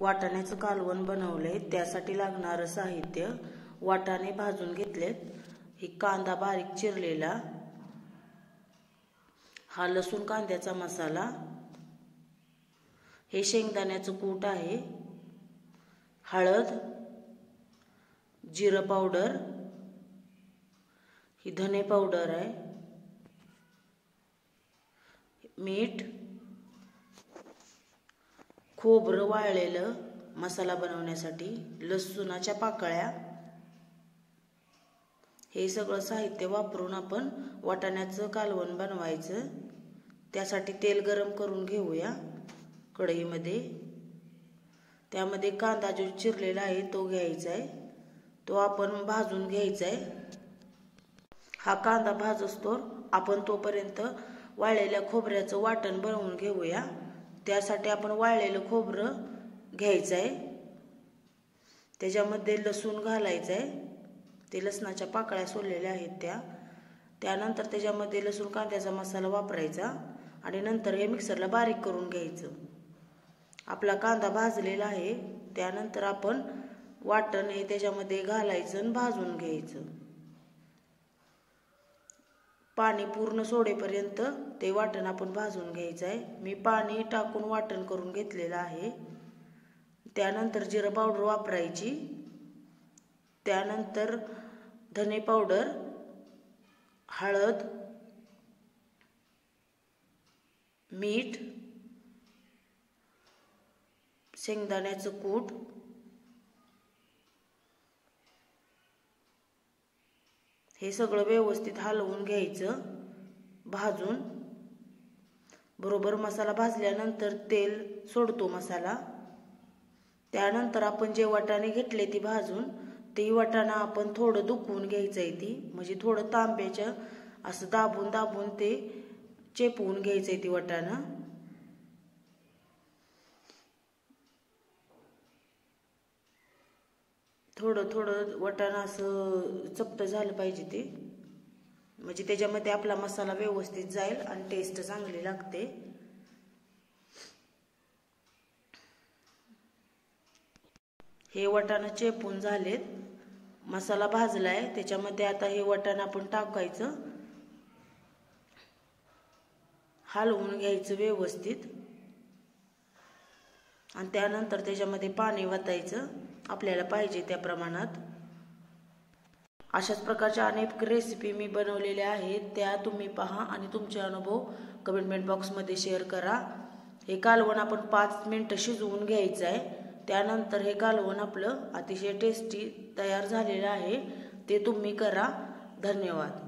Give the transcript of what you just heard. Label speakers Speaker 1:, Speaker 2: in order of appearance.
Speaker 1: वाटाण्याचं कालवण बनवलंय त्यासाठी लागणारं साहित्य वाटाणे भाजून घेतलेत ही कांदा बारीक चिरलेला हा लसूण कांद्याचा मसाला हे शेंगदाण्याचं कूट आहे हळद जिरं पावडर ही धने पावडर आहे मीठ खोबरं वाळलेलं मसाला बनवण्यासाठी लसूणाच्या पाकळ्या हे सगळं साहित्य वापरून आपण वाटाण्याचं कालवण बनवायचं त्यासाठी तेल गरम करून घेऊया कढईमध्ये त्यामध्ये कांदा जो चिरलेला आहे तो घ्यायचा आहे तो आपण भाजून घ्यायचा आहे हा कांदा भाजस्तोर आपण तोपर्यंत वाळलेल्या खोबऱ्याचं वाटण बनवून घेऊया त्यासाठी आपण वाळलेलं खोबरं घ्यायचं आहे त्याच्यामध्ये लसूण घालायचं आहे ते लसणाच्या पाकळ्या सोडलेल्या आहेत त्या त्यानंतर त्याच्यामध्ये लसूण कांद्याचा मसाला वापरायचा आणि नंतर हे मिक्सरला बारीक करून घ्यायचं आपला कांदा भाजलेला आहे त्यानंतर आपण वाटण हे त्याच्यामध्ये घालायचं आणि भाजून घ्यायचं पाणी पूर्ण सोडेपर्यंत ते वाटण आपण भाजून घ्यायचं आहे मी पाणी टाकून वाटण करून घेतलेलं आहे त्यानंतर जिरं पावडर वापरायची त्यानंतर धने पावडर हळद मीठ शेंगदाण्याचं कूट हे सगळं व्यवस्थित हलवून घ्यायचं भाजून बरोबर मसाला भाजल्यानंतर तेल सोडतो मसाला त्यानंतर आपण जे वटाने घेतले ती भाजून ते वाटाणा आपण थोडं दुखवून घ्यायचं आहे ती म्हणजे थोडं तांब्याच्या असं दाबून दाबून ते चेपवून घ्यायचं आहे ती वाटाणा थोडं थोडं वटाण असं चपट झालं पाहिजे ते म्हणजे त्याच्यामध्ये आपला मसाला व्यवस्थित जाईल आणि टेस्ट चांगली लागते हे वटाणं चेपून झालेत मसाला भाजलाय त्याच्यामध्ये आता हे वटाण आपण टाकायचं हलवून घ्यायचं व्यवस्थित आणि त्यानंतर त्याच्यामध्ये पाणी वतायचं आपल्याला पाहिजे त्या प्रमाणात अशाच प्रकारच्या अनेक रेसिपी मी बनवलेल्या आहेत त्या तुम्ही पहा आणि तुमचे अनुभव कमेंटमेंट बॉक्समध्ये शेअर करा हे कालवण आपण पाच मिनटं शिजवून घ्यायचं आहे त्यानंतर हे कालवण आपलं अतिशय टेस्टी तयार झालेलं आहे ते तुम्ही करा धन्यवाद